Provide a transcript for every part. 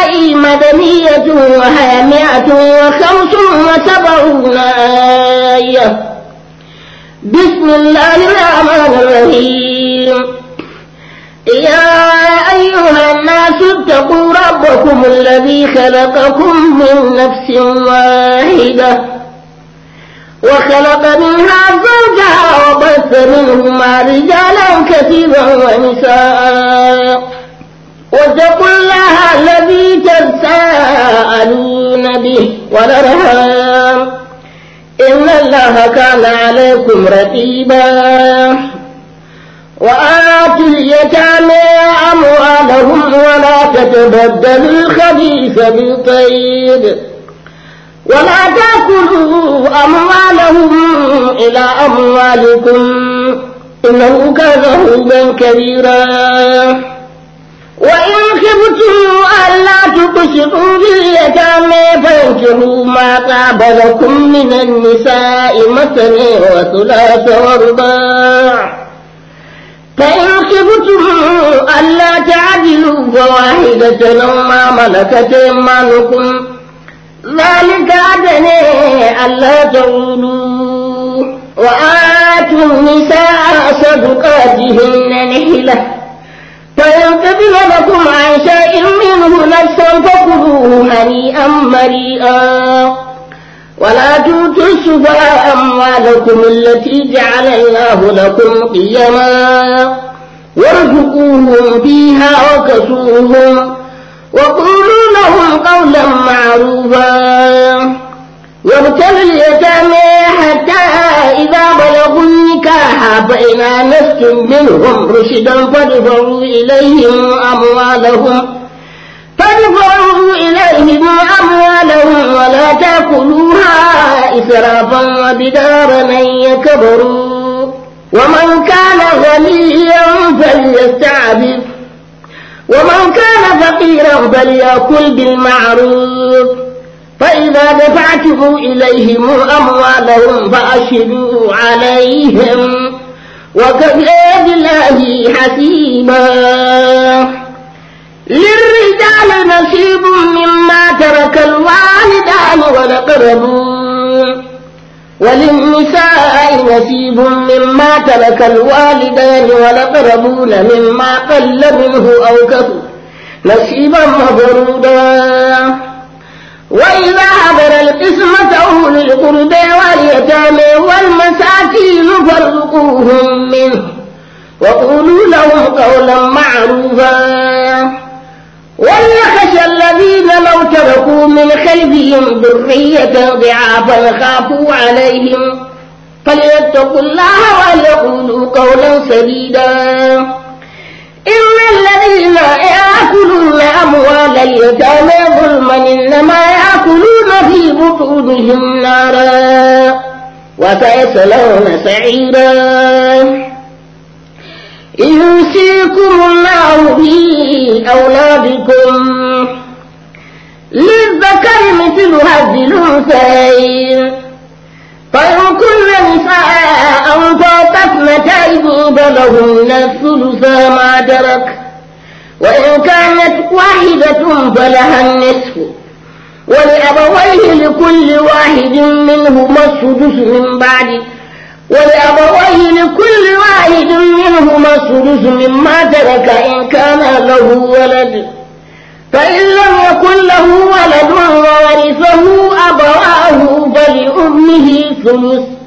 النساء مدنية وهي مئة وخمس وسبعون آية بسم الله الرحمن الرحيم يا أيها الناس اتقوا ربكم الذي خلقكم من نفس واحدة وخلق منها زوجها وبث منهما رجالا كثيرا ونساء واتقوا الله الذي تساءلون به والأرحام إن الله كان عليكم رقيبا وآتوا اليتامى أموالهم ولا تتبدلوا الخبيث بالطيب ولا تأكلوا أموالهم إلى أموالكم إنه كان هوبا كبيرا وإن خفتم ألا تقسطوا في اليتامى فانكحوا ما طاب لكم من النساء مثنى وثلاث ورباع فإن خفتم ألا تعدلوا فواحدة أو ما ملكت أيمانكم ذلك أدنى ألا تعولوا وآتوا النساء صدقاتهن نحلة فينتفذ لكم عن شيء منه نفسا فخذوه هنيئا مريئا ولا تؤتوا السفهاء أموالكم التي جعل الله لكم قيما وارزقوهم فيها وكسوهم وقولوا لهم قولا معروفا وابتلوا اليتامى فإن آنستم منهم رشدا فادفعوا إليهم أموالهم فادفعوا إليهم أموالهم ولا تأكلوها إسرافا وبدارا أن يكبروا ومن كان غنيا فليستعبد ومن كان فقيرا فليأكل بالمعروف فإذا دفعتم إليهم أموالهم فأشهدوا عليهم وكفى بالله حسيبا للرجال نصيب مما ترك الوالدان والأقربون وللنساء نصيب مما ترك الوالدان والأقربون مما قل منه أو كثر نصيبا مفروضا وإذا حضر القسمة أولي القربى واليتامى والمساكين فارزقوهم منه وقولوا لهم قولا معروفا وليخشى الذين لو تركوا من خلفهم ذرية ضعافا خافوا عليهم فليتقوا الله وليقولوا قولا سديدا إن الذين يأكلون أموال اليتامى ظلما إنما يأكلون في بطونهم نارا وسيصلون سعيرا يوصيكم الله في أولادكم للذكر مثل هذه الأنثيين فإن طيب كن نساء أو أثنتا ذوب لهن الثلث ما ترك وإن كانت واحدة فلها النصف ولأبويه لكل واحد منهما السدس من بعد ولأبويه لكل واحد منهما السدس مما ترك إن كان له ولد فإن لم يكن له ولد وورثه أبواه فلأمه ثلث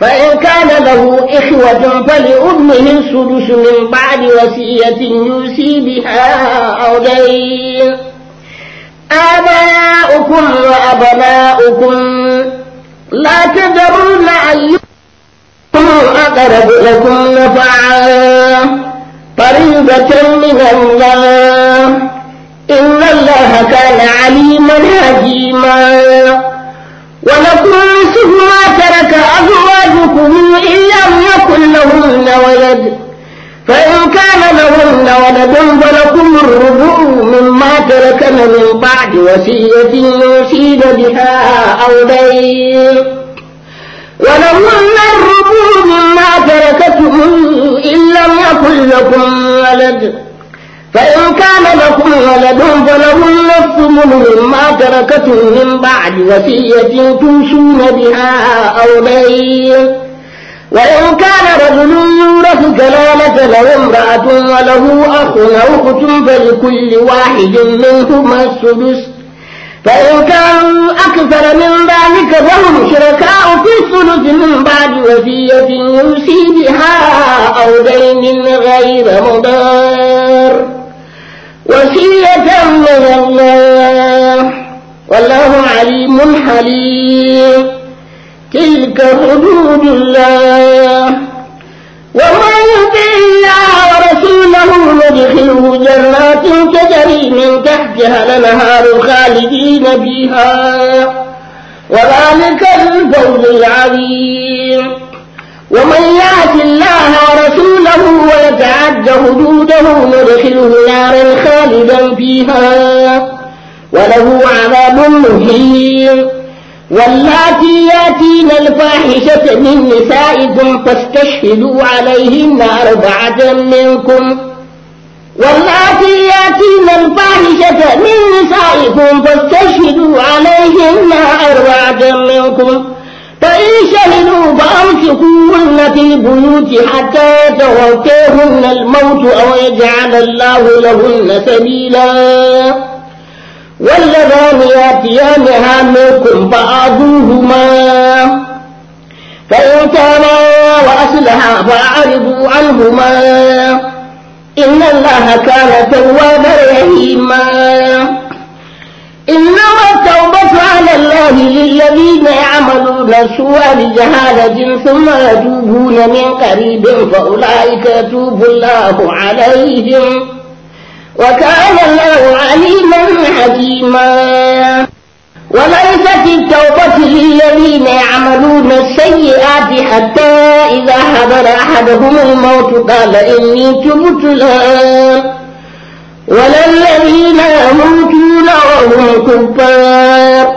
فإن كان له إخوة فلأمه السدس من بعد وسية يوصي بها أو دين آباؤكم وأبناؤكم لا تدرون أيكم أقرب لكم نفعا فريضة من الله إن الله كان عليما حكيما وكنتم ما ترك أزواجكم إن لم يكن لهن ولد فإن كان لهن ولد فلكم الربع مما تركن من بعد وصية يوصين بها أو دين ولهن الربع مما تركتم إن لم يكن لكم ولد فإن كان لكم ولد فله النصف مما تركت من بعد وصية توصون بها أو دين وإن كان رجل يورث كلالة له امرأة وله أخ أو أخت فلكل واحد منهما السدس فإن كانوا أكثر من ذلك فهم شركاء في الثلث من بعد وصية يوصي بها أو دين غير مضار وصية من الله والله عليم حليم تلك حدود الله ومن يطع الله ورسوله ندخله جنات تجري من تحتها الانهار خالدين فيها وذلك الفوز العظيم ومن يعص الله ورسوله ويتعد حدوده ندخله نارا خالدا فيها وله عذاب مهين واللاتي ياتين الفاحشة من نسائكم فاستشهدوا عليهن أربعة منكم واللاتي ياتين الفاحشة من نسائكم فاستشهدوا عليهن أربعة منكم شهدوا فأمسكوهن في البيوت حتى يتوفاهن الموت أو يجعل الله لهن سبيلا واللذان يأتيانها منكم فأعذوهما فإن تابا وأصلحا فأعرضوا عنهما إن الله كان توابا رحيما أبلسوا بجهالة ثم يتوبون من قريب فأولئك يتوب الله عليهم وكان الله عليما حكيما وليست التوبة للذين يعملون السيئات حتى إذا حضر أحدهم الموت قال إني تبت الآن وللذين يموتون وهم كفار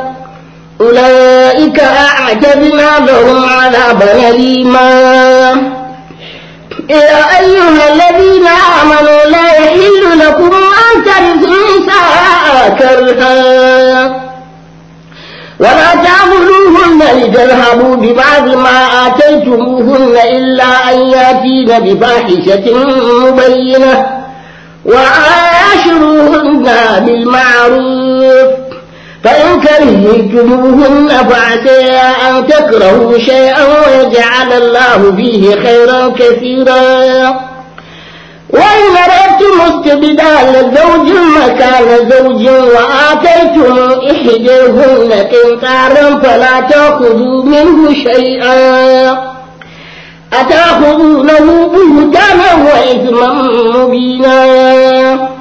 أولئك وأعتدنا لهم عذابا أليما يا أيها الذين آمنوا لا يحل لكم أن ترثوا النساء كرها ولا تعبدوهن لتذهبوا ببعض ما آتيتموهن إلا أن يأتين بفاحشة مبينة وعاشروهن بالمعروف فإن كرهتموهن فعسى أن تكرهوا شيئا ويجعل الله فيه خيرا كثيرا وإن أردتم استبدال زوج مكان زوج وآتيتم إحداهن قنطارا فلا تأخذوا منه شيئا أتأخذونه بهتانا وإثما مبينا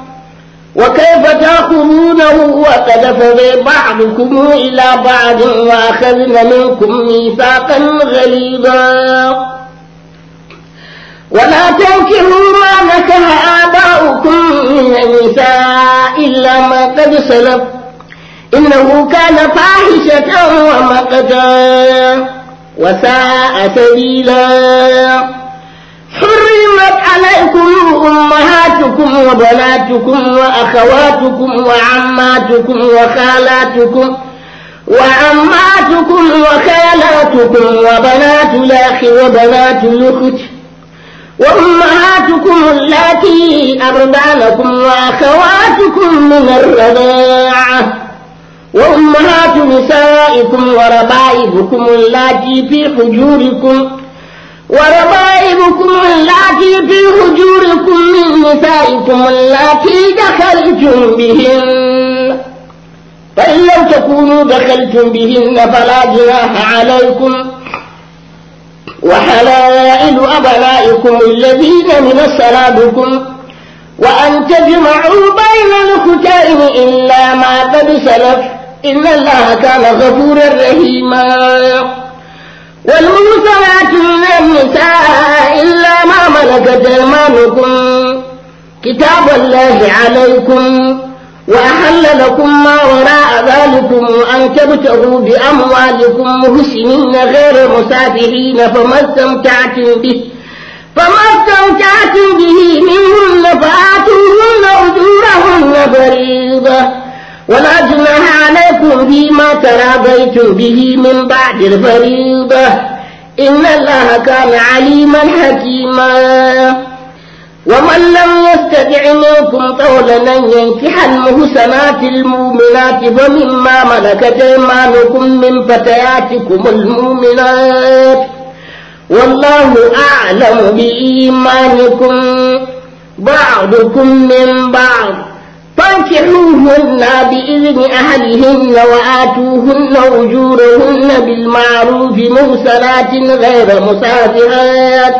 وكيف تأخذونه وقد فضي بعضكم إلى بعض وأخذنا منكم ميثاقا غليظا ولا تنكروا ما نكه آباؤكم من النساء إلا ما قد سلف إنه كان فاحشة ومقتا وساء سبيلا حرمت عليكم أمهاتكم وبناتكم وأخواتكم وعماتكم وخالاتكم وعماتكم وخالاتكم وبنات الأخ وبنات الأخت وأمهاتكم التي أرضانكم وأخواتكم من الرضاعة وأمهات نسائكم وربائبكم التي في حجوركم وربائبكم اللاتي في هجوركم من نسائكم اللاتي دخلتم بهن فإن لم تكونوا دخلتم بهن فلا جناح عليكم وحلائل أبنائكم الذين من سلابكم وأن تجمعوا بين الختائم إلا ما قد سلف إن الله كان غفورا رحيما والمحصنات من النساء إلا ما ملكت أيمانكم كتاب الله عليكم وأحل لكم ما وراء ذلكم أن تبتغوا بأموالكم محسنين غير مسافرين فما استمتعتم به فما استمتعتم به منهن فآتوهن أجورهن فريضة ولا جناح عليكم فيما تراضيتم به من بعد الفريضة إن الله كان عليما حكيما ومن لم يستطع منكم طولا أن ينكح المحسنات المؤمنات فمما ملكت أيمانكم من فتياتكم المؤمنات والله أعلم بإيمانكم بعضكم من بعض فانكحوهن بإذن أهلهن وآتوهن أجورهن بالمعروف محسنات غير مسافرات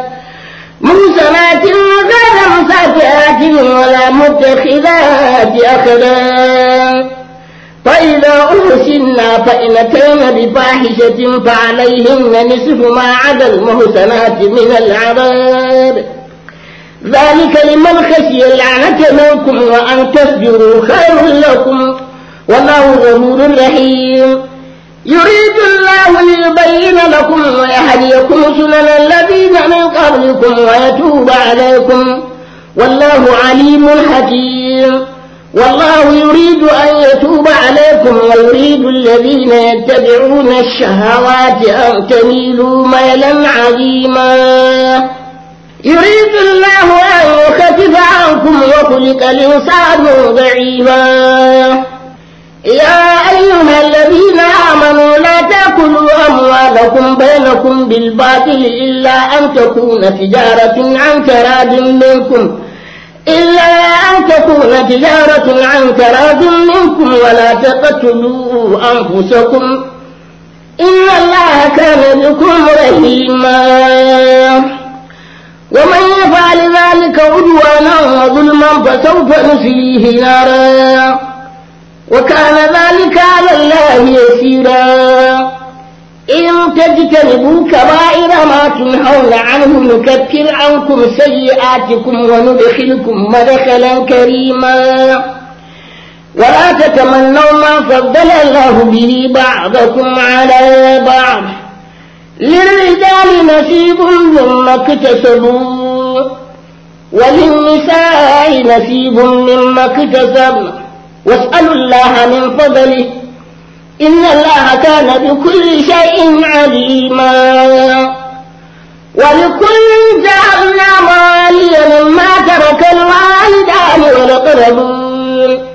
محسنات غير مسافرات ولا متخذات أخلاق فإذا أحسنا فإن كان بفاحشة فعليهن نصف ما عدا المحسنات من العذاب ذلك لمن خشي اللعنة منكم وأن تصبروا خير لكم والله غفور رحيم يريد الله ليبين لكم ويهديكم سنن الذين من قبلكم ويتوب عليكم والله عليم حكيم والله يريد أن يتوب عليكم ويريد الذين يتبعون الشهوات أن تميلوا ميلا عظيما يريد الله أن يخفف عنكم وخلق الإنسان ضعيفا يا أيها الذين آمنوا لا تأكلوا أموالكم بينكم بالباطل إلا أن تكون تجارة عن كراد منكم إلا أن تكون تجارة عن كراد منكم ولا تقتلوا أنفسكم إن الله كان بكم رحيما ومن يفعل ذلك عدوانا وظلما فسوف نسليه نارا وكان ذلك على الله يسيرا إن تجتنبوا كبائر ما تنهون عنه نكفر عنكم سيئاتكم وندخلكم مدخلا كريما ولا تتمنوا ما فضل الله به بعضكم على بعض للرجال نصيب مما اكتسبوا وللنساء نصيب مما اكتسبوا واسألوا الله من فضله إن الله كان بكل شيء عليما ولكل جعلنا مواليا مما ترك الوالدان والأقربون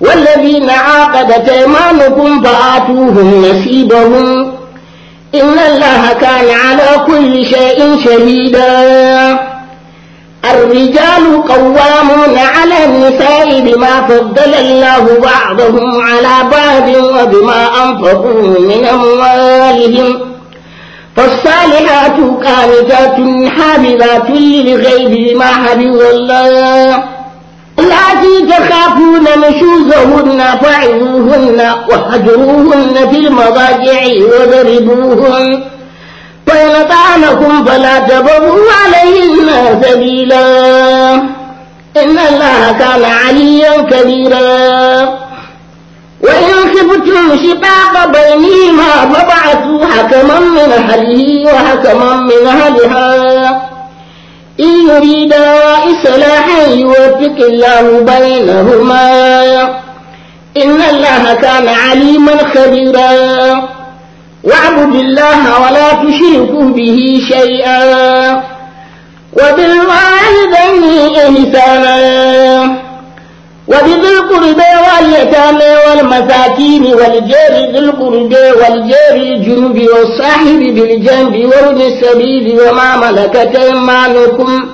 والذين عاقدت أيمانكم فآتوهم نصيبهم إن الله كان على كل شيء شهيدا الرجال قوامون على النساء بما فضل الله بعضهم على بعض وبما أنفقوا من أموالهم فالصالحات قانتات حافظات للغيب بما حفظ الله اللاتي تخافون نشوزهن فعظوهن وهجروهن في المضاجع وضربوهن فإن طعنكم فلا تبغوا عليهن سبيلا إن الله كان عليا كبيرا وإن خفتم شقاق بينهما فبعثوا حكما من أهله وحكما من أهلها إن يريدا إصلاحا يوفق الله بينهما إن الله كان عليما خبيرا واعبد الله ولا تشركوا به شيئا وبالوالدين إحسانا وبذي القربى واليتامى والمساكين والجار ذي القربى والجار الجنب والصاحب بالجنب وابن السبيل وما ملكت أيمانكم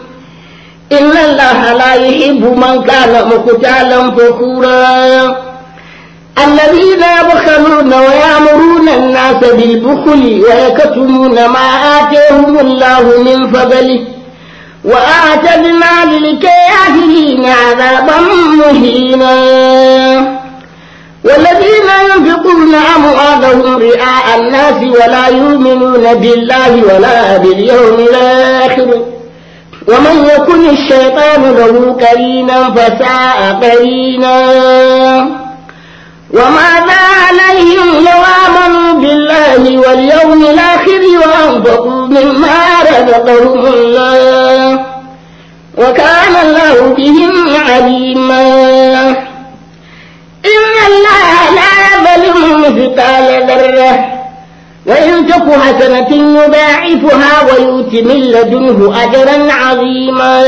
إن الله لا يحب من كان مقتالا فخورا الذين يبخلون ويأمرون الناس بالبخل ويكتمون ما آتيهم الله من فضله وأعتدنا للكافرين عذابا مهينا والذين ينفقون أموالهم رئاء الناس ولا يؤمنون بالله ولا باليوم الآخر ومن يكن الشيطان له كرينا فساء كرينا وماذا عليهم لو بالله واليوم الآخر وأنفقوا مما رزقهم الله وكان الله بهم عليما إن الله لا يظلم مثقال ذرة وإن تك حسنة يضاعفها ويؤت من لدنه أجرا عظيما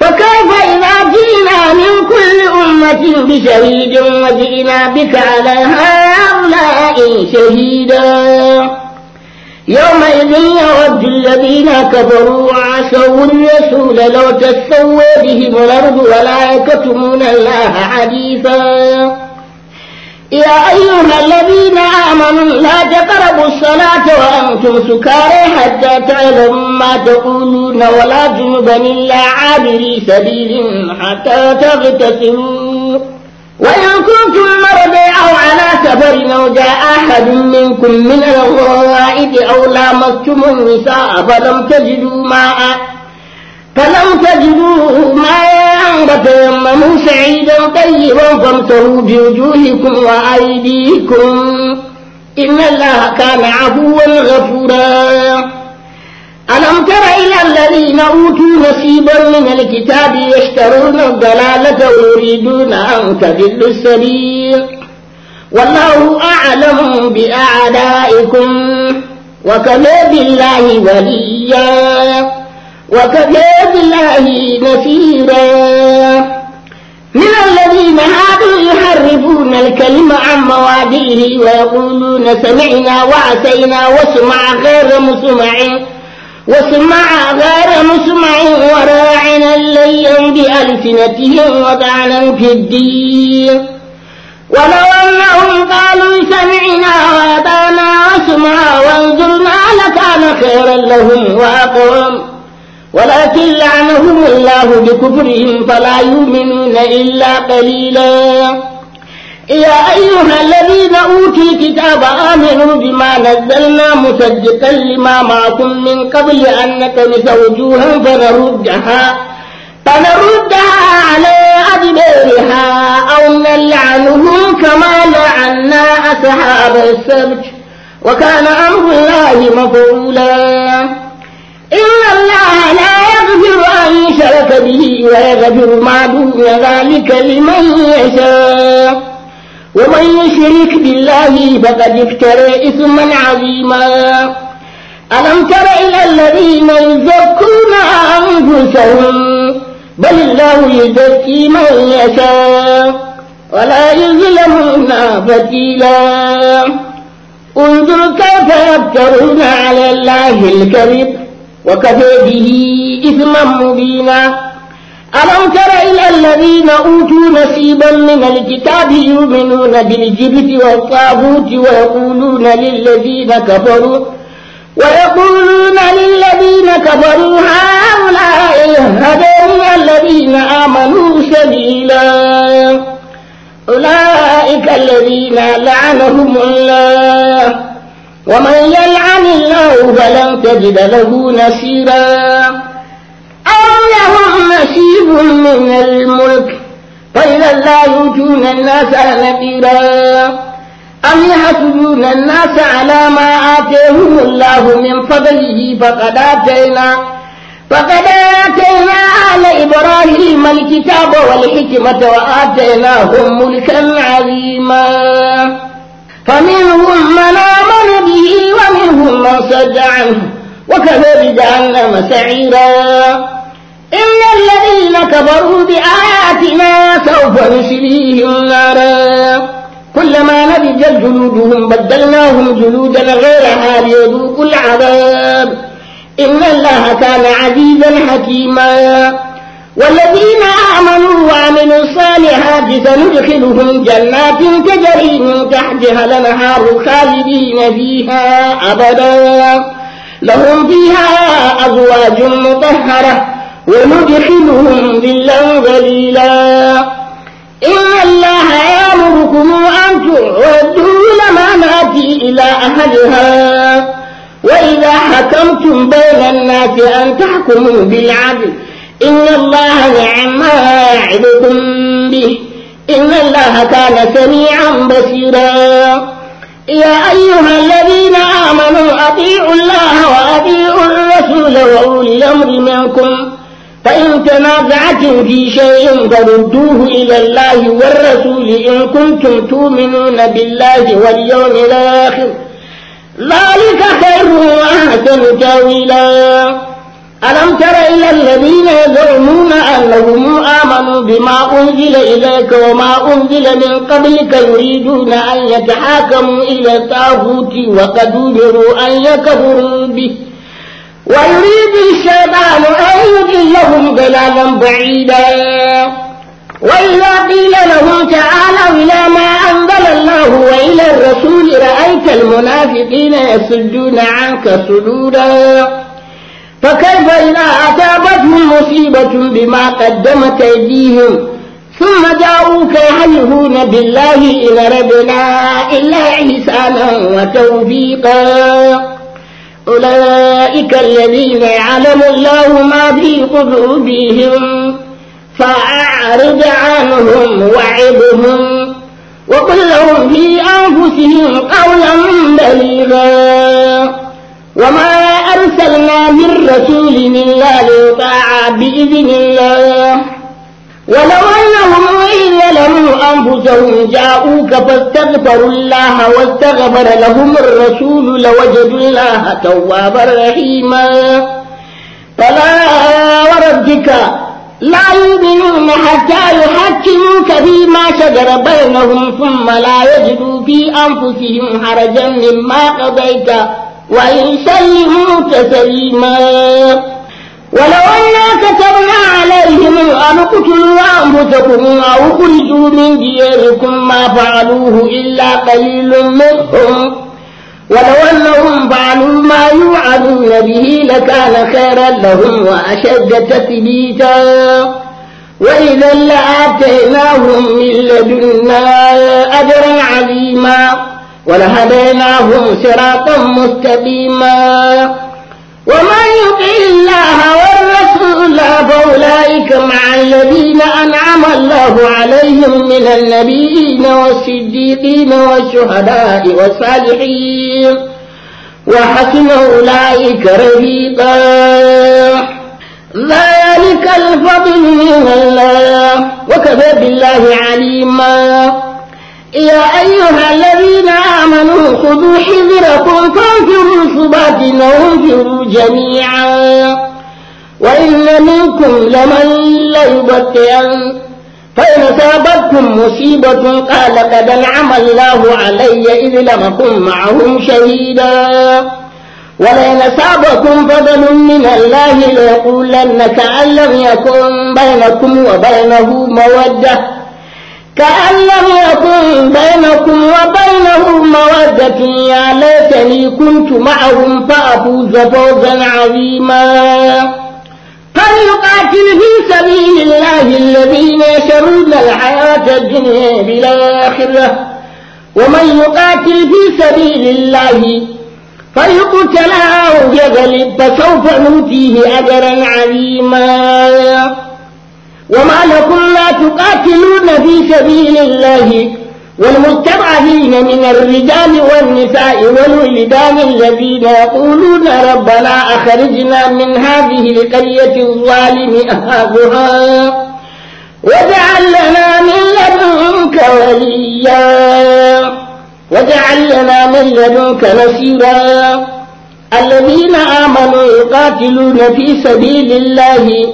فكيف إذا جئنا من كل أمة بشهيد وجئنا بك على هؤلاء شهيدا يومئذ يود الذين كفروا وعصوا الرسول لو تسوى بهم الأرض ولا يكتمون الله حديثا يا أيها الذين آمنوا لا تقربوا الصلاة وأنتم سكارى حتى تعلموا ما تقولون ولا جنبا إلا عابري سبيل حتى تغتسلوا وإن كنتم مرضى أو على سفر أو جاء أحد منكم من الغائط أو لامستم النساء فلم تجدوا ماء فلم تجدوا ماء فتيمموا سعيدا طيبا فامسحوا بوجوهكم وأيديكم إن الله كان عفوا غفورا ألم تر إلى الذين أوتوا نصيبا من الكتاب يشترون الضلالة ويريدون أن تضلوا السبيل والله أعلم بأعدائكم وكفى بالله وليا وكفى بالله نصيرا من الذين هادوا يحرفون الكلم عن مواضعه ويقولون سمعنا وعسينا واسمع غير مسمع وسمع غير مسمع وراعنا ليا بألسنتهم وطعنا في الدين ولو أنهم قالوا سمعنا وأبانا وسمع وانظرنا لكان خيرا لهم وأقوم ولكن لعنهم الله بكفرهم فلا يؤمنون إلا قليلا يا أيها الذين أوتوا الكتاب آمنوا بما نزلنا مصدقا لما معكم من قبل أن نتمس وجوها فنردها فنردها على أدبارها أو نلعنهم كما لعنا أصحاب السبت وكان أمر الله مفعولا إن الله لا يغفر أن يشرك به ويغفر ما دون ذلك لمن يشاء ومن يشرك بالله فقد افترى إثما عظيما ألم تر إلى الذين يزكون أنفسهم بل الله يزكي من يشاء ولا يظلمون فتيلا انظر كيف يفترون على الله الكذب وكفى به إثما مبينا ألم تر إلى الذين أوتوا نصيبا من الكتاب يؤمنون بالجبت والطاغوت ويقولون للذين كفروا ويقولون للذين كفروا هؤلاء هدوا الذين آمنوا سبيلا أولئك الذين لعنهم الله ومن يلعن الله فلن تجد له نصيرا أو لهم نصيب من الملك فإذا لا يؤتون الناس نذيرا أم يحسدون الناس على ما آتيهم الله من فضله فقد آتينا فقد آتينا آل إبراهيم الكتاب والحكمة وآتيناهم ملكا عظيما فمنهم من آمن به ومنهم من صد عنه وكذلك جعلنا سعيرا إن الذين كفروا بآياتنا سوف نسليهم نارا كلما نبجت جلودهم بدلناهم جلودا غيرها ليذوقوا العذاب إن الله كان عزيزا حكيما والذين آمنوا وعملوا الصالحات سندخلهم جنات تجري من تحتها الأنهار خالدين فيها أبدا لهم فيها أزواج مطهرة وندخلهم ذلا ذليلا إن الله يأمركم أن تعودوا الأمانات إلى أهلها وإذا حكمتم بين الناس أن تحكموا بالعدل إن الله نعم ما يعظكم به إن الله كان سميعا بصيرا يا أيها الذين آمنوا أطيعوا الله وأطيعوا الرسول وأولي الأمر منكم فإن تنازعتم في شيء فردوه إلى الله والرسول إن كنتم تؤمنون بالله واليوم الآخر ذلك خير وأحسن تأويلا ألم تر إلى الذين يزعمون أنهم آمنوا بما أنزل إليك وما أنزل من قبلك يريدون أن يتحاكموا إلى الطاغوت وقد أمروا أن يكفروا به ويريد الشيطان أن يضلهم ضلالا بعيدا وإذا قيل لهم تعالوا إلى ما أنزل الله وإلى الرسول رأيت المنافقين يصدون عنك صدودا فكيف إذا أتابتهم مصيبة بما قدمت أيديهم ثم جاءوك يحلفون بالله إن ربنا إلا إحسانا وتوفيقا أولئك الذين يعلم الله ما في قلوبهم فأعرض عنهم وعدهم وقل لهم في أنفسهم قولا بليغا وما أرسلنا من رسول إلا ليطاع بإذن الله ولو أنهم وإن ظلموا أنفسهم جاءوك فاستغفروا الله واستغفر لهم الرسول لوجدوا الله توابا رحيما فلا وربك لا يؤمنون حتى يحكموك فيما شجر بينهم ثم لا يجدوا في أنفسهم حرجا مما قضيت ويسلموك سليما ولو أنا كتبنا عليهم أن اقتلوا أنفسكم أو اخرجوا من دياركم ما فعلوه إلا قليل منهم ولو أنهم فعلوا ما يوعدون به لكان خيرا لهم وأشد تثبيتا وإذا لآتيناهم من لدنا أجرا عظيما ولهديناهم صراطا مستقيما ومن يطع الله والرسول فأولئك مع الذين أنعم الله عليهم من النبيين والصديقين والشهداء والصالحين وحسن أولئك رفيقا ذلك الفضل من الله وكفى بالله عليما يا أيها الذين آمنوا خذوا حذركم فانفروا ثبات وانفروا جميعا وإن منكم لمن ليبطئن فإن أصابتكم مصيبة قال قد أنعم الله علي إذ لم أكن معهم شهيدا ولئن أصابكم فضل من الله ليقولن كأن لم يكن بينكم وبينه مودة كأن لم يكن بينكم وبينهم مودة يا ليتني كنت معهم فأفوز فوزا عظيما فليقاتل في سبيل الله الذين يشرون الحياة الدنيا بالآخرة ومن يقاتل في سبيل الله فيقتل أو يغلب فسوف نؤتيه أجرا عظيما وما لكم لا تقاتلون في سبيل الله والمستضعفين من الرجال والنساء والولدان الذين يقولون ربنا أخرجنا من هذه القرية الظالم أهابها واجعل لنا من لدنك وليا واجعل لنا من لدنك نصيرا الذين آمنوا يقاتلون في سبيل الله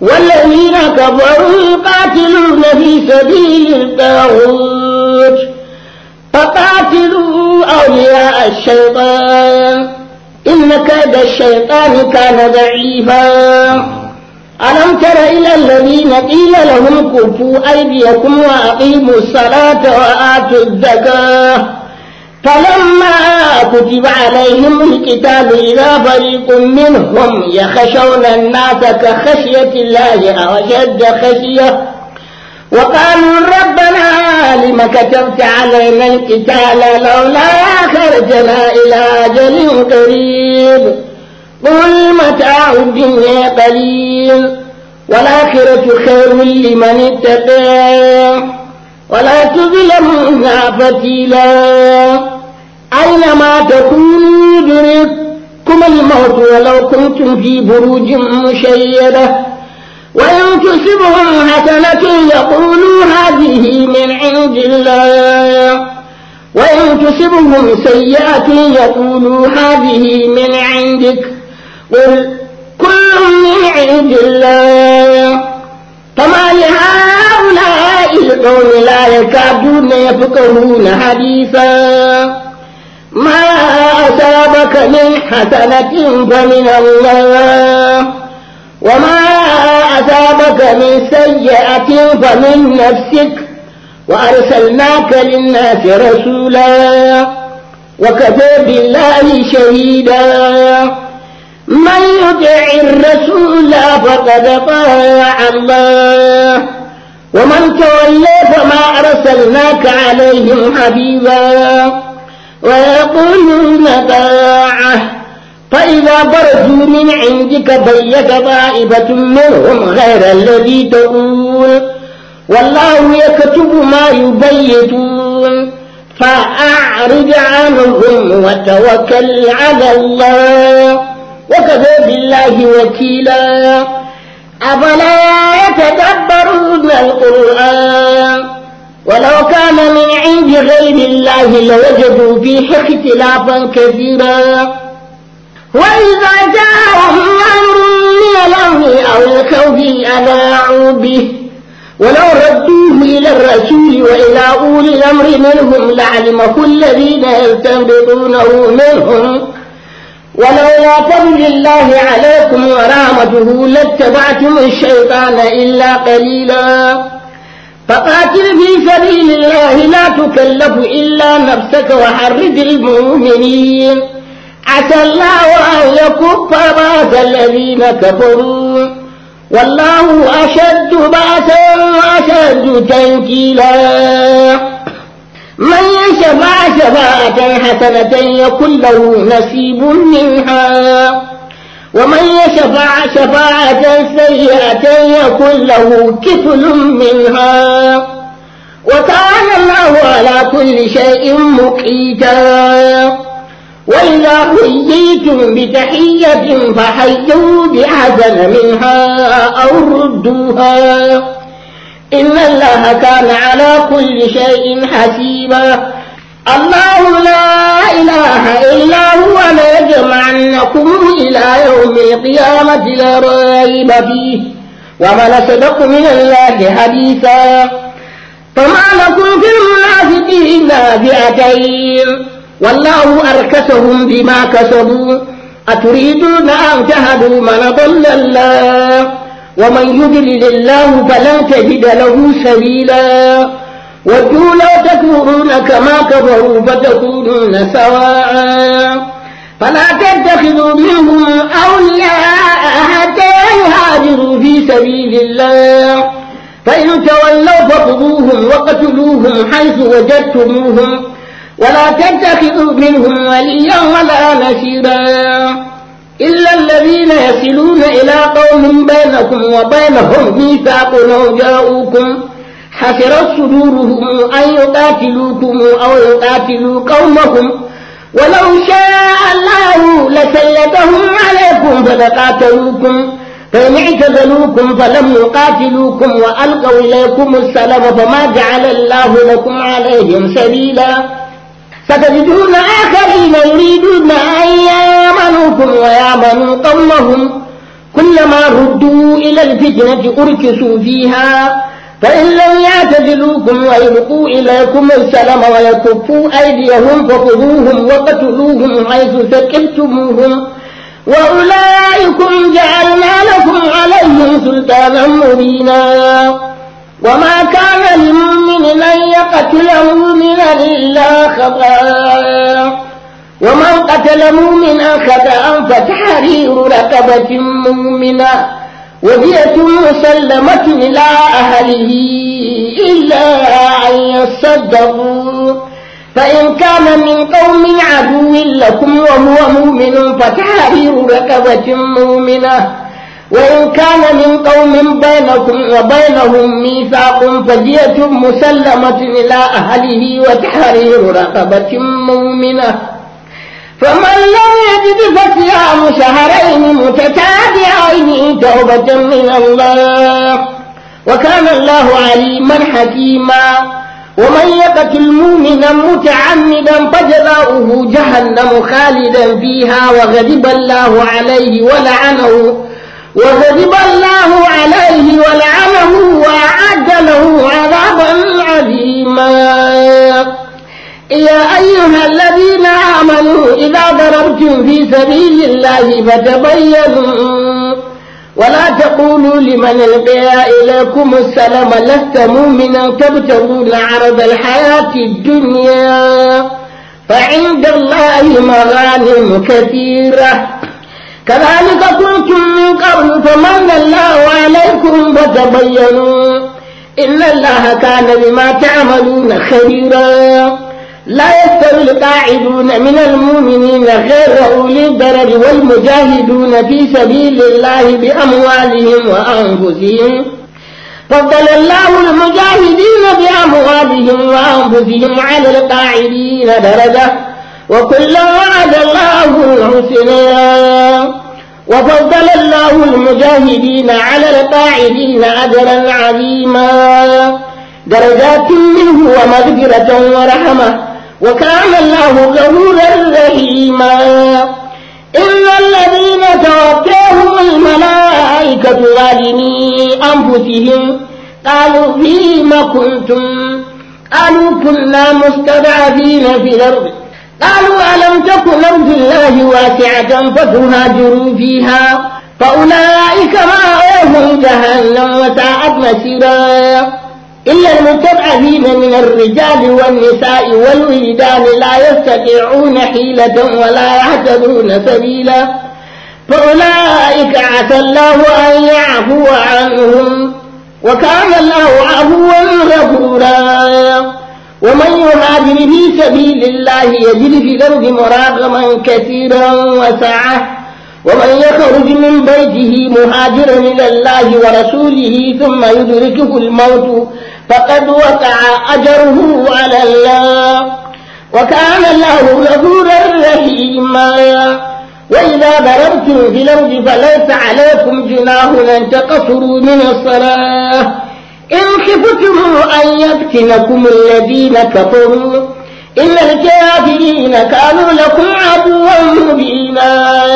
والذين كفروا يقاتلون في سبيل الطاغوت فقاتلوا أولياء الشيطان إن كيد الشيطان كان ضعيفا ألم تر إلى الذين قيل لهم كفوا أيديكم وأقيموا الصلاة وآتوا الزكاة فلما كتب عليهم الكتاب إذا فريق منهم يخشون الناس كخشية الله أو أشد خشية وقالوا ربنا لم كتبت علينا القتال لولا خرجنا إلى أجل قريب قل متاع الدنيا قليل والآخرة خير لمن اتقى ولا تظلمون فتيلا أينما تكونوا يدرككم الموت ولو كنتم في بروج مشيدة وإن تصبهم حسنة يقولوا هذه من عند الله وإن تصبهم سيئة يقولوا هذه من عندك قل كل من عند الله فما لهذا القوم لا يكادون يفقهون حديثا ما أصابك من حسنة فمن الله وما أصابك من سيئة فمن نفسك وأرسلناك للناس رسولا وكفى بالله شهيدا من يطع الرسول فقد طاع الله ومن تولى فما أرسلناك عليهم حبيبا ويقولون باعه فإذا برزوا من عندك بيت طائبة منهم غير الذي تقول والله يكتب ما يبيتون فأعرض عنهم وتوكل على الله وكفى بالله وكيلا أفلا يتدبرون القرآن ولو كان من عند غير الله لوجدوا فيه اختلافا كثيرا وإذا جاءهم أمر من الله أو الخوف أذاعوا به ولو ردوه إلى الرسول وإلى أولي الأمر منهم لعلمه الذين يستنبطونه منهم ولو فضل الله عليكم ورحمته لاتبعتم الشيطان إلا قليلا فقاتل في سبيل الله لا تكلف إلا نفسك وحرد المؤمنين عسى الله أن يكف بأس الذين كفروا والله أشد بأسا وأشد تنكيلا من شفع شفاعة حسنة يكن له نصيب منها ومن يشفع شفاعة سيئة يكن له كفل منها وكان الله على كل شيء مقيتا وإذا حييتم بتحية فحيوا بأحسن منها أو ردوها إن الله كان على كل شيء حسيبا الله لا إله إلا هو ليجمعنكم إلى يوم القيامة لا ريب فيه ومن صدق من الله حديثا فما لكم في المنافقين فئتين والله أركسهم بما كسبوا أتريدون أن تهدوا من ضل الله ومن يضلل الله فلن تجد له سبيلا ودوا لا تكفرون كما كفروا فتكونون سواء فلا تتخذوا منهم أولياء حتى يهاجروا في سبيل الله فإن تولوا فخذوهم وقتلوهم حيث وجدتموهم ولا تتخذوا منهم وليا ولا نصيرا إلا الذين يصلون إلى قوم بينكم وبينهم ميثاق لو جاءوكم حسرت صدورهم أن يقاتلوكم أو يقاتلوا قومهم ولو شاء الله لسلتهم عليكم فلقاتلوكم فإن اعتزلوكم فلم يقاتلوكم وألقوا إليكم السلام فما جعل الله لكم عليهم سبيلا ستجدون آخرين يريدون أن يامنوكم ويامنوا قومهم كلما ردوا إلى الفتنة أركسوا فيها فإن لم يعتزلوكم ويلقوا إليكم السلام ويكفوا أيديهم فخذوهم وقتلوهم حيث سكبتموهم وأولئكم جعلنا لكم عليهم سلطانا مبينا وما كان المؤمن أن يقتل مؤمنا إلا خطأ ومن قتل مؤمنا خطأ فتحرير رقبة مؤمنة ودية مسلمة إلى أهله إلا أن يصدقوا فإن كان من قوم عدو لكم وهو مؤمن فتحرير رقبة مؤمنة وإن كان من قوم بينكم وبينهم ميثاق فدية مسلمة إلى أهله وتحرير رقبة مؤمنة فمن لم يجد فصيام شهرين متتابعين توبة من الله وكان الله عليما حكيما ومن يقتل مؤمنا متعمدا فجزاؤه جهنم خالدا فيها وغضب الله عليه ولعنه وغضب الله عليه ولعنه وأعد له عذابا عظيما يا أيها الذين آمنوا إذا ضربتم في سبيل الله فتبينوا ولا تقولوا لمن القى إليكم السلام لست مؤمنا تبتغون عرض الحياة الدنيا فعند الله مغانم كثيرة كذلك كنتم من قبل فمن الله عليكم فتبينوا إن الله كان بما تعملون خبيرا لا يستوي القاعدون من المؤمنين غير أولي الضرر والمجاهدون في سبيل الله بأموالهم وأنفسهم فضل الله المجاهدين بأموالهم وأنفسهم على القاعدين درجة وكل وعد الله الحسنى وفضل الله المجاهدين على القاعدين أجرا عظيما درجات منه ومغفرة ورحمة وكان الله غفورا رحيما إن الذين توفاهم الملائكة ظالمي أنفسهم قالوا فيما كنتم قالوا كنا مستضعفين في الأرض قالوا ألم تكن أرض الله واسعة فتهاجروا فيها فأولئك مأواهم جهنم وساءت مسيرا إلا المستضعفين من الرجال والنساء والولدان لا يستطيعون حيلة ولا يعتبرون سبيلا فأولئك عسى الله أن يعفو عنهم وكان الله عفوا غفورا ومن يهاجر في سبيل الله يجد في الأرض مراغما كثيرا وسعة ومن يخرج من بيته مهاجرا إلى الله ورسوله ثم يدركه الموت فقد وقع أجره على الله وكان الله غفورا رحيما وإذا ضربتم في الأرض فليس عليكم جناح أن تقصروا من الصلاة إن خفتم أن يفتنكم الذين كفروا إن الكافرين كانوا لكم عدوا مبينا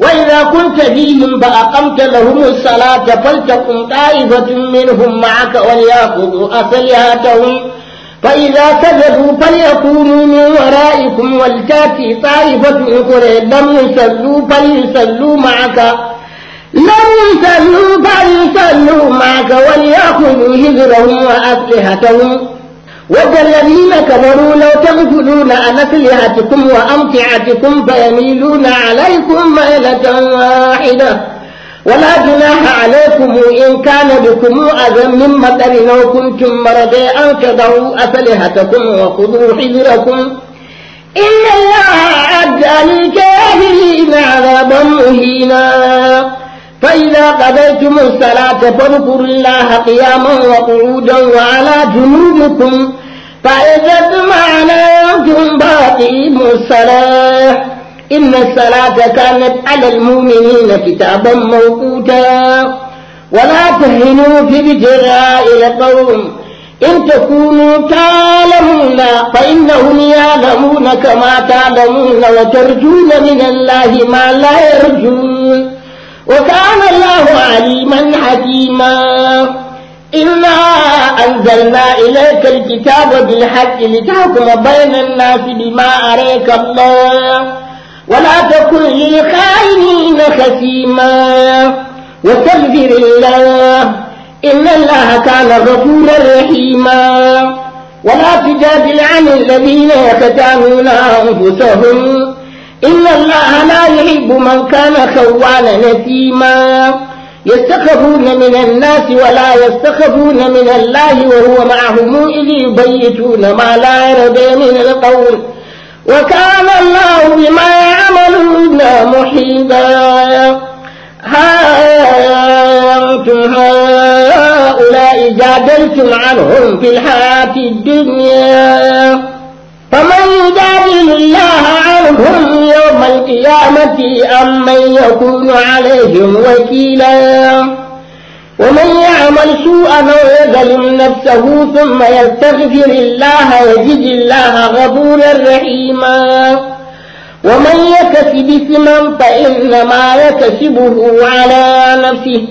وإذا كنت فيهم فأقمت لهم الصلاة فلتكن طائفة منهم معك وليأخذوا أسلحتهم فإذا سجدوا فليكونوا من ورائكم ولتأتي طائفة أخرى لم يصلوا فليصلوا معك من يسلوا فليسلوا معك وليأخذوا حذرهم وأسلحتهم ود الذين كفروا لو تغفلون عن أسلحتكم وأمتعتكم فيميلون عليكم ميلة واحدة ولا جناح عليكم إن كان بكم أذى من مطر أو كنتم مرضى أن تضعوا أسلحتكم وخذوا حذركم إن الله أعد للكافرين عذابا مهينا فإذا قضيتم الصلاة فاذكروا الله قياما وقعودا وعلى جنوبكم فإذا تمعناكم فأقيموا الصلاة إن الصلاة كانت على المؤمنين كتابا موقوتا ولا تهنوا في ابتغاء القوم إن تكونوا تعلمون فإنهم يعلمون كما تعلمون وترجون من الله ما لا يرجون وكان الله عليما حكيما إنا أنزلنا إليك الكتاب بالحق لتحكم بين الناس بما أريك الله ولا تكن للخائنين خسيما واستغفر الله إن الله كان غفورا رحيما ولا تجادل عن الذين يختانون أنفسهم إن الله لا يحب من كان خوانا نثيما يستخفون من الناس ولا يستخفون من الله وهو معهم إذ يبيتون ما لا يرضى من القول وكان الله بما يعملون محيطا أنتم هؤلاء جادلتم عنهم في الحياة الدنيا فمن يجادل الله عنهم يوم القيامة أم من يكون عليهم وكيلا ومن يعمل سوءا أو يظلم نفسه ثم يستغفر الله يجد الله غفورا رحيما ومن يكسب إثما فإنما يكسبه على نفسه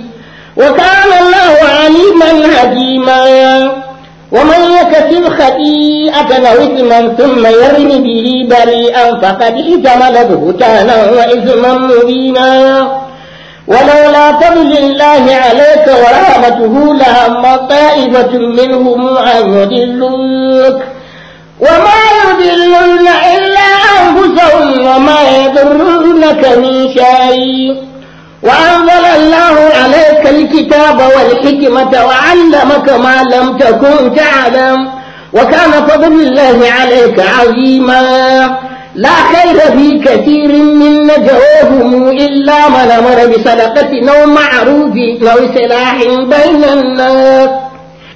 وكان الله عليما حكيما ومن يكسب خطيئة أو إثما ثم يرم به بريئا فقد احتمل بهتانا وإثما مبينا ولولا فضل الله عليك ورحمته لهم طائفة منهم أن يضلوك وما يضلون إلا أنفسهم وما يضرونك من شيء وأنزل الله عليك الكتاب والحكمة وعلمك ما لم تكن تعلم وكان فضل الله عليك عظيما لا خير في كثير من نجواهم إلا من أمر بصدقة أو معروف أو سلاح بين الناس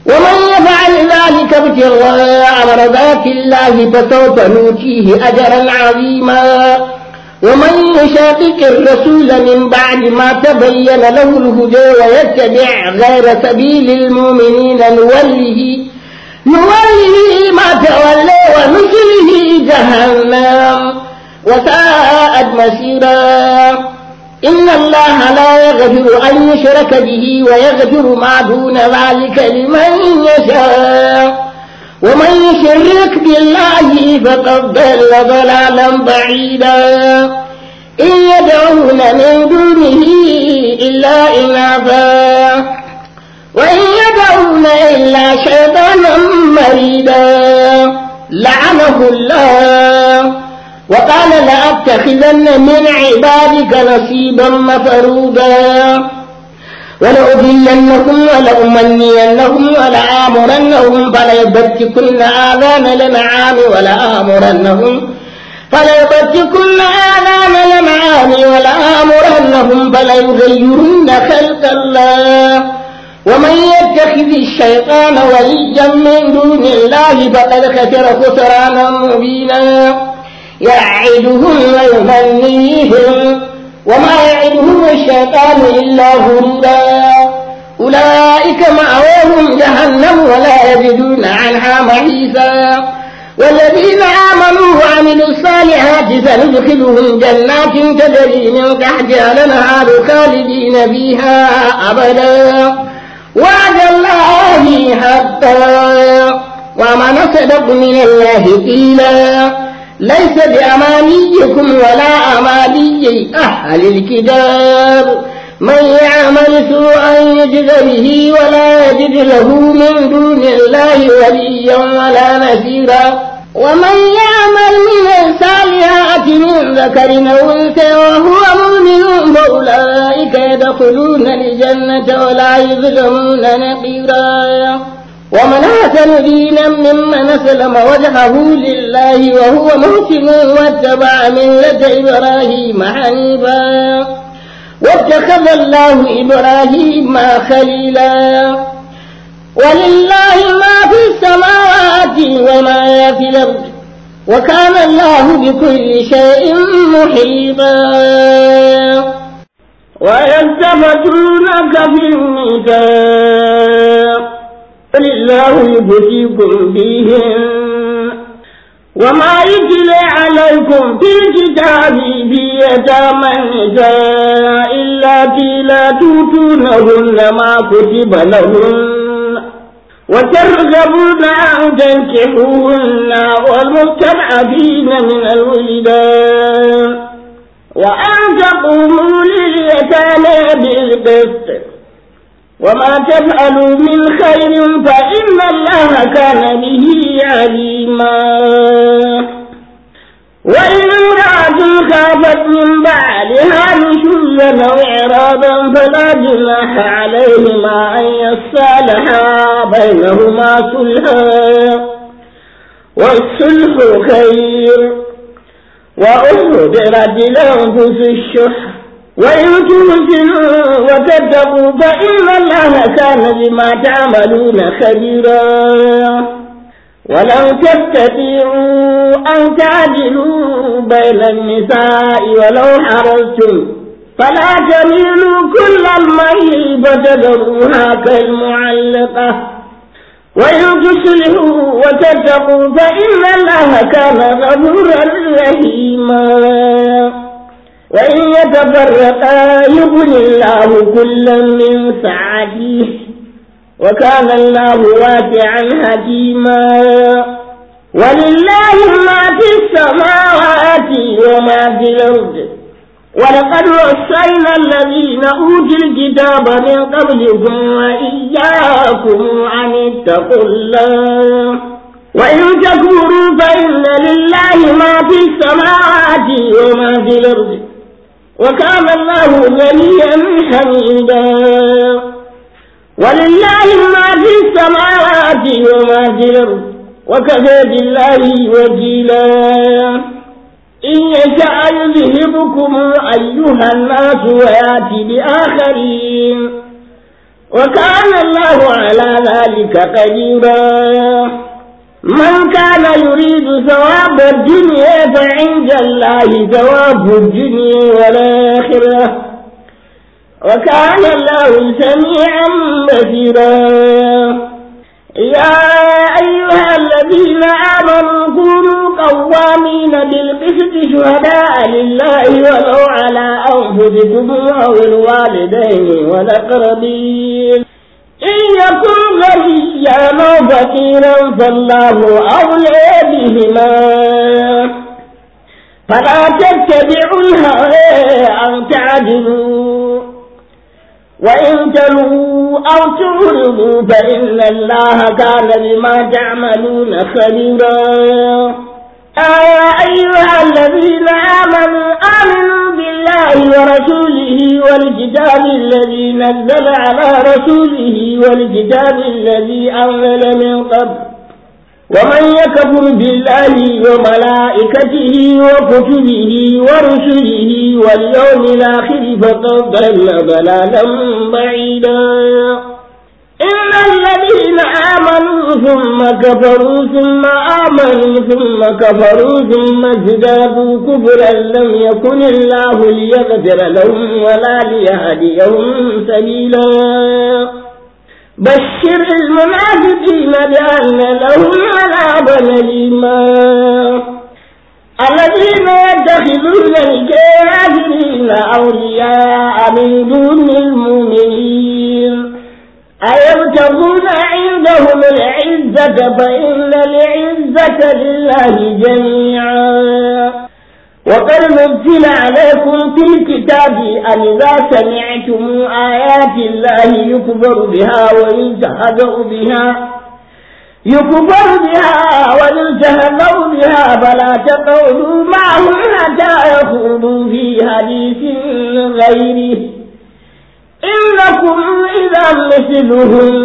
ومن يفعل ذلك ابتغاء مرضات الله فسوف نؤتيه أجرا عظيما ومن يشاقق الرسول من بعد ما تبين له الهدى ويتبع غير سبيل المؤمنين نوله نوله ما تولى ونصله جهنم وساءت مسيرا إن الله لا يغفر أن يشرك به ويغفر ما دون ذلك لمن يشاء ومن يشرك بالله فقد ضل ضلالا بعيدا إن يدعون من دونه إلا إناثا وإن يدعون إلا شيطانا مريدا لعنه الله وقال لأتخذن من عبادك نصيبا مفروضا ولأضلنهم ولأمنينهم ولآمرنهم فليبتكن آذان الأنعام ولآمرنهم فليبتكن آذان الأنعام ولآمرنهم فليغيرن خلق الله ومن يتخذ الشيطان وليا من دون الله فقد خسر خسرانا مبينا يعدهم ويمنيهم وما يعدهم الشيطان إلا غرورا أولئك مأواهم جهنم ولا يجدون عنها محيصا والذين آمنوا وعملوا الصالحات سندخلهم جنات تجري من تحتها الأنهار خالدين فيها أبدا وعد الله حقا ومن صدق من الله قيلا ليس بأمانيكم ولا أماني أهل الكتاب من يعمل سوءا يجد به ولا يجد له من دون الله وليا ولا نسيرا ومن يعمل من الصالحات من ذكر أو أنثى وهو مؤمن فأولئك يدخلون الجنة ولا يظلمون نقيرا ومن أحسن دينا ممن أسلم وجهه لله وهو محسن واتبع ملة إبراهيم حنيفا واتخذ الله إبراهيم خليلا ولله ما في السماوات وما في الأرض وكان الله بكل شيء محيطا ويلتفتونك في الميتان الله يبتيكم بهن وما يتلى عليكم في الكتاب في يتامى النساء اللاتي لا تؤتونهن ما كتب لهن وترغبون أن تنكحوهن والمستضعفين من الولدان وأن تقوموا لليتامى بالقسط وما تفعلوا من خير فإن الله كان به عليما وإن امرأة خافت من بعدها نشوزا أو إعراضا فلا جناح عليهما أن يصالحا بينهما صلحا والصلح خير وأهدرت لأنفس الشح وإن تحسنوا وتتقوا فإن الله كان بما تعملون خبيرا ولو تستطيعوا أن تعدلوا بين النساء ولو حرصتم فلا تميلوا كل الميل فتذروها كالمعلقة وإن تصلحوا وتتقوا فإن الله كان غفورا رحيما وإن يتفرقا يغن الله كلا من سعته وكان الله واسعا حكيما ولله ما في السماوات وما في الأرض ولقد وصينا الذين أوتوا الكتاب من قبلكم وإياكم أن اتقوا الله وإن تكفروا فإن لله ما في السماوات وما في الأرض وكان الله غنيا حميدا ولله ما في السماوات وما في الأرض وكفى بالله وكيلا إن يشاء يذهبكم أيها الناس ويأتي بآخرين وكان الله على ذلك قديرا من كان يريد ثواب الدنيا فعند الله ثواب الدنيا والآخرة وكان الله سميعا بصيرا يا أيها الذين آمنوا كونوا قوامين بالقسط شهداء لله ولو على أنفسكم أو الوالدين والأقربين إن يكن غنيا أو فقيرا فالله أولى بهما فلا تتبعوا الهوى أن تعدلوا وإن تلووا أو تعرضوا فإن الله كان بما تعملون خبيرا يا آه، أيها الذين آمنوا آمنوا بالله ورسوله والكتاب الذي نزل على رسوله والكتاب الذي أنزل من قبل ومن يكفر بالله وملائكته وكتبه ورسله واليوم الآخر فقد ضل ضلالا بعيدا إن الذين آمنوا ثم كفروا ثم آمنوا ثم كفروا ثم ازدادوا كفرا لم يكن الله ليغفر لهم ولا ليهديهم سبيلا بشر المنافقين بأن لهم عذابا أليما الذين يتخذون الكافرين أولياء من دون المؤمنين أيبتغون عندهم العزة فإن العزة لله جميعا وقد نزل عليكم في الكتاب أن إذا سمعتم آيات الله يكبر بها وينتهزأ بها يكبر بها وينتهزأ بها فلا تقعدوا معهم حتى يخوضوا في حديث غيره إنكم إذا مثلهم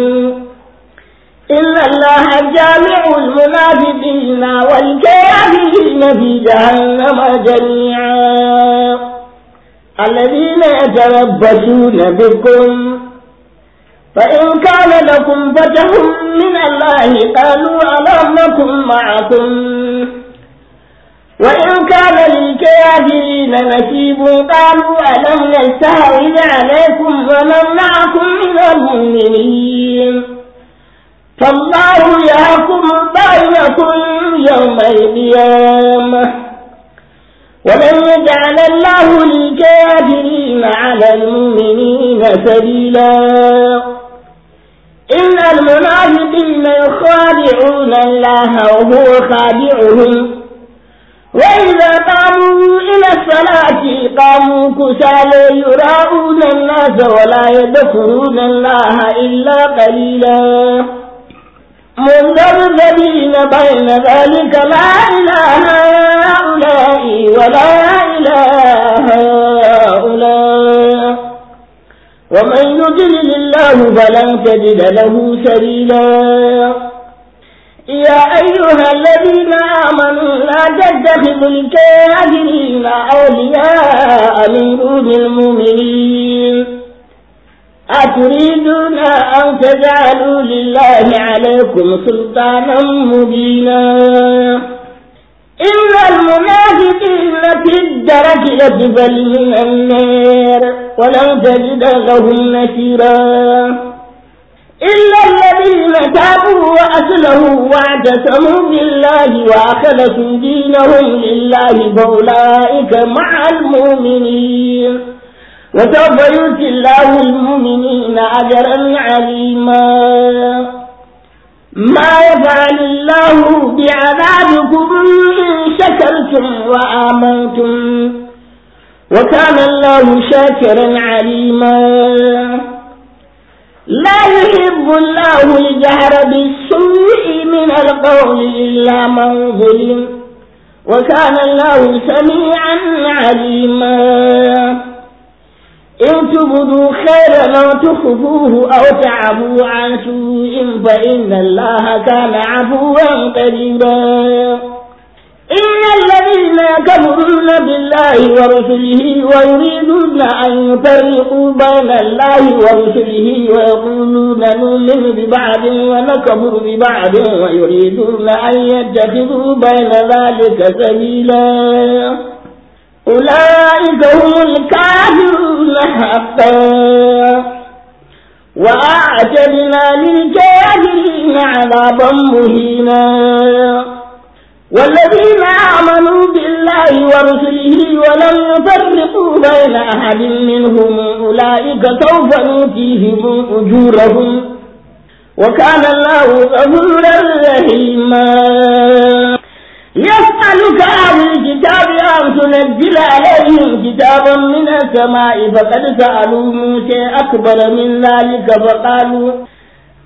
إن الله جامع المنافقين والكافرين في جهنم جميعا الذين يتربصون بكم فإن كان لكم فتح من الله قالوا ألم نكن معكم وإن كان للكافرين نصيب قالوا ألم نستحوذ عليكم ومن معكم من المؤمنين فالله يحكم بينكم يوم القيامة ولن يجعل الله للكافرين على المؤمنين سبيلا إن المنافقين يخادعون الله وهو خادعهم وإذا قاموا إلى الصلاة قاموا كسالى يراءون الناس ولا يذكرون الله إلا قليلا منذر الذين بين ذلك لا إله هؤلاء ولا إله هؤلاء ومن يضلل الله فلن تجد له سبيلا يا أيها الذين آمنوا لا تتخذوا الكافرين أولياء من دون المؤمنين أتريدون أن تجعلوا لله عليكم سلطانا مبينا إن المنافقين في الدرك لتبلغن من النار ولن تجد لهم نكيرا إلا الذين تابوا وأسلموا واعتصموا بالله وأخلصوا دينهم لله فأولئك مع المؤمنين وسوف يؤتي الله المؤمنين أجرا عليما ما يفعل الله بعذابكم إن شكرتم وآمنتم وكان الله شاكرا عليما لا يحب الله الجهر بالسوء من القول إلا من ظلم وكان الله سميعا عليما إن تبدوا خيرا أو تخفوه أو تعفوا عن سوء فإن الله كان عفوا قريبا إن الذين يكفرون بالله ورسله ويريدون أن يفرقوا بين الله ورسله ويقولون نؤمن ببعض ونكفر ببعض ويريدون أن يتخذوا بين ذلك سبيلا أولئك هم الكافرون حقا وأعتدنا للكافرين عذابا مهينا والذين آمنوا بالله ورسله ولم يفرقوا بين أحد منهم أولئك سوف نؤتيهم أجورهم وكان الله غفورا رحيما يسألك أهل الكتاب أن تنزل عليهم كتابا من السماء فقد سألوا موسى أكبر من ذلك فقالوا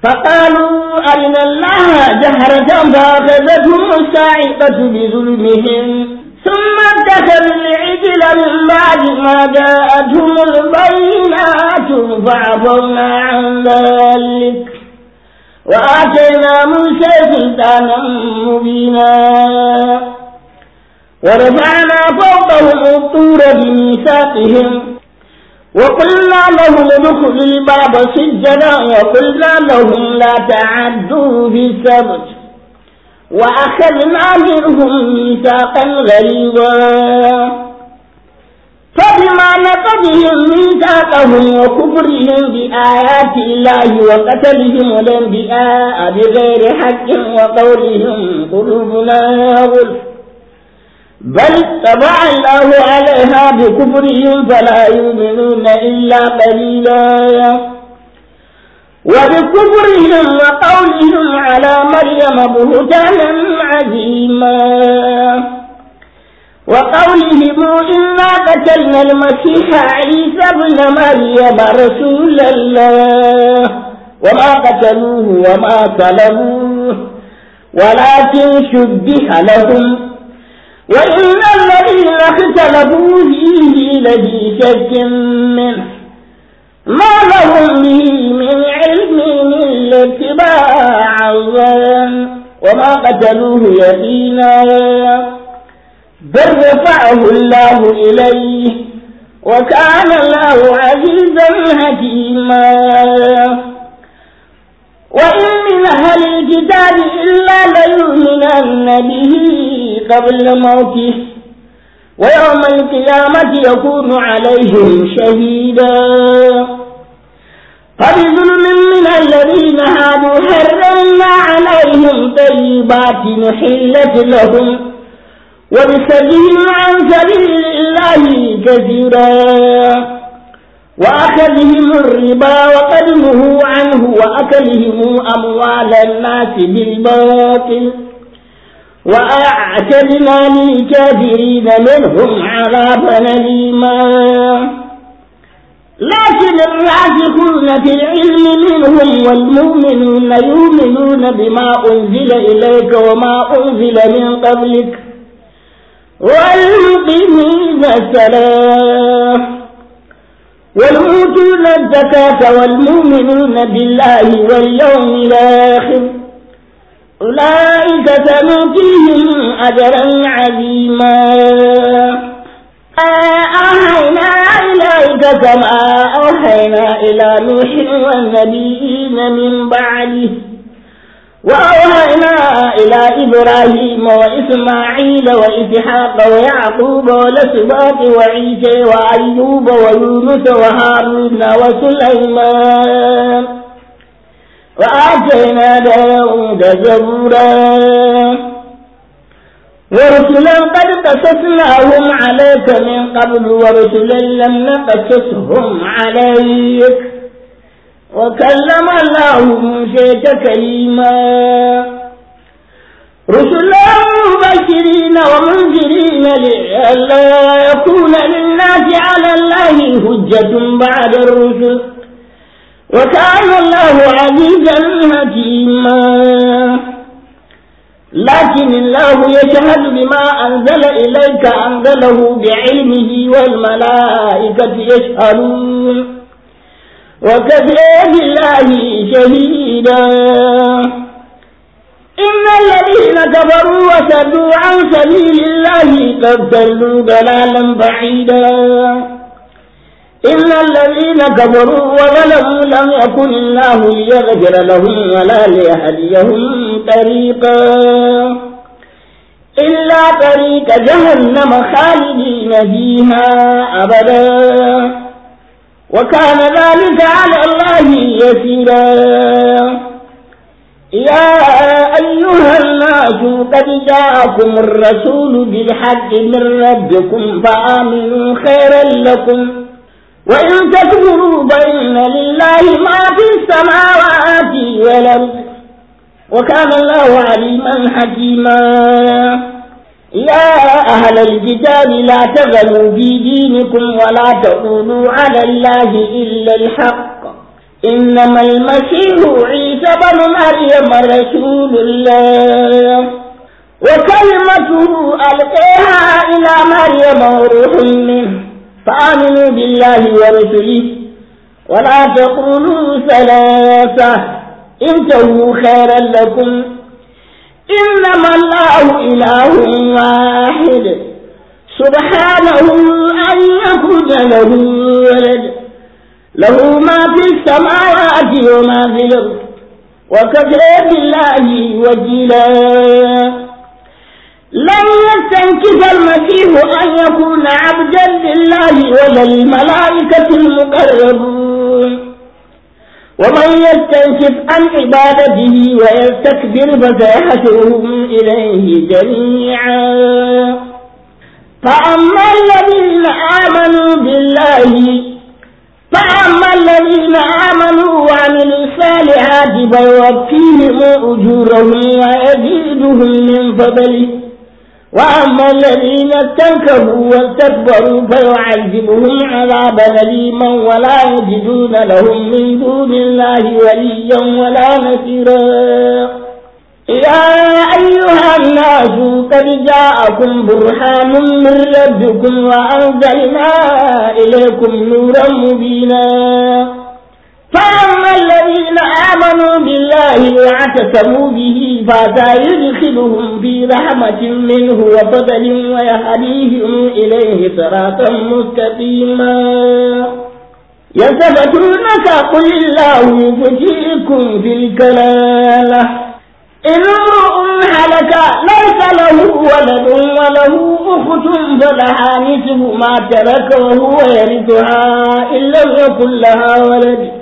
فقالوا أرنا الله جهرة فأخذتهم الصاعقة بظلمهم ثم اتخذوا العجل من بعد ما جاءتهم البينات فعفونا عن ذلك وآتينا موسى سلطانا مبينا ورفعنا فوقهم الطور بميثاقهم وقلنا لهم ادخلوا الباب سجدا وقلنا لهم لا تعدوا في السبت وأخذنا منهم ميثاقا غليظا فبما نقضهم ميثاقهم وكفرهم بآيات الله وقتلهم الأنبياء بغير حق وقولهم قلوبنا غلف بل تبع الله عليها بكفرهم فلا يؤمنون إلا قليلا وبكفرهم وقولهم على مريم بهتانا عظيما وقولهم إنا قتلنا المسيح عيسى ابن مريم رسول الله وما قتلوه وما سلموه ولكن شبه لهم وإن الذين اختلفوا فيه لفي شك منه ما لهم به من علم إلا اتباع الظن وما قتلوه يقينا بل رفعه الله إليه وكان الله عزيزا حكيما وإن من أهل الكتاب إلا ليؤمنن به قبل موته ويوم القيامة يكون عليهم شهيدا فبظلم من الذين هادوا حرمنا عليهم طيبات حلت لهم وبسبيل عن سبيل الله كثيرا وأخذهم الربا وقد نهوا عنه وأكلهم أموال الناس بالباطل وأعتدنا للكافرين منهم عذابا أليما لكن الراسخون في العلم منهم والمؤمنون يؤمنون بما أنزل إليك وما أنزل من قبلك والمقيمين السلام والمؤتون الزكاة والمؤمنون بالله واليوم الآخر أولئك سنؤتيهم أجرا عظيما أوحينا إليك كما أوحينا إلى نوح والنبيين من بعده وأوهينا إلى إبراهيم وإسماعيل وإسحاق ويعقوب ولسباط وعيسى وأيوب ويونس وهارون وسليمان وآتينا داود زبورا ورسلا قد قصصناهم عليك من قبل ورسلا لم نقصصهم عليك وكلم الله موسى تكليما رسلا مبشرين ومنذرين لئلا يكون للناس على الله حجة بعد الرسل وكان الله عزيزا حكيما لكن الله يشهد بما أنزل إليك أنزله بعلمه والملائكة يشهدون وكفى بالله شهيدا إن الذين كفروا وسدوا عن سبيل الله قد ضلوا ضلالا بعيدا إن الذين كفروا وظلموا لم يكن الله ليغفر لهم ولا ليهديهم طريقا إلا طريق جهنم خالدين فيها أبدا وكان ذلك على الله يسيرا يا أيها الناس قد جاءكم الرسول بالحق من ربكم فآمنوا خيرا لكم وإن تكفروا فإن لله ما في السماوات والأرض وكان الله عليما حكيما يا أهل الكتاب لا تغلوا في دينكم ولا تقولوا على الله إلا الحق إنما المسيح عيسى بن مريم رسول الله وكلمته ألقيها إلى مريم وروح منه فآمنوا بالله ورسله ولا تقولوا ثلاثة انتهوا خيرا لكم إنما الله إله واحد سبحانه أن يكون له ولد له ما في السماوات وما في الأرض وكفى بالله وجلا لن يستنكف المسيح أن يكون عبدا لله ولا الملائكة المقربون ومن يستنكف عن عبادته ويستكبر فسيحشرهم إليه جميعا فأما الذين آمنوا بالله فأما الذين آمنوا وعملوا الصالحات فيوفيهم أجورهم ويزيدهم من فضله وأما الذين استنكروا واستكبروا فيعذبهم عذابا أليما ولا يجدون لهم من دون الله وليا ولا نصيرا يا أيها الناس قد جاءكم برهان من ربكم وأنزلنا إليكم نورا مبينا فأما الذين آمنوا بالله واعتصموا به فذا يدخلهم في رحمة منه وفضل ويهديهم إليه صراطا مستقيما يثبتونك قل الله يفتيكم في الكلالة إن امرؤ هلك ليس له ولد وله أخت فلها نصف ما ترك وهو يرثها إن لم يكن لها ولد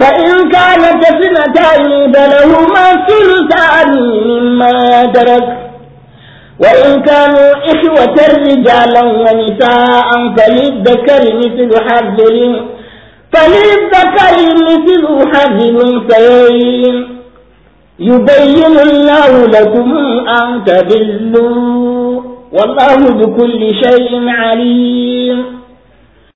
فإن كانت اثنتان فلهما سلطان مما ترك وإن كانوا إخوة رجالا ونساء فللذكر مثل حظ فللذكر مثل حظ الأنثيين يبين الله لكم أن تذلوا والله بكل شيء عليم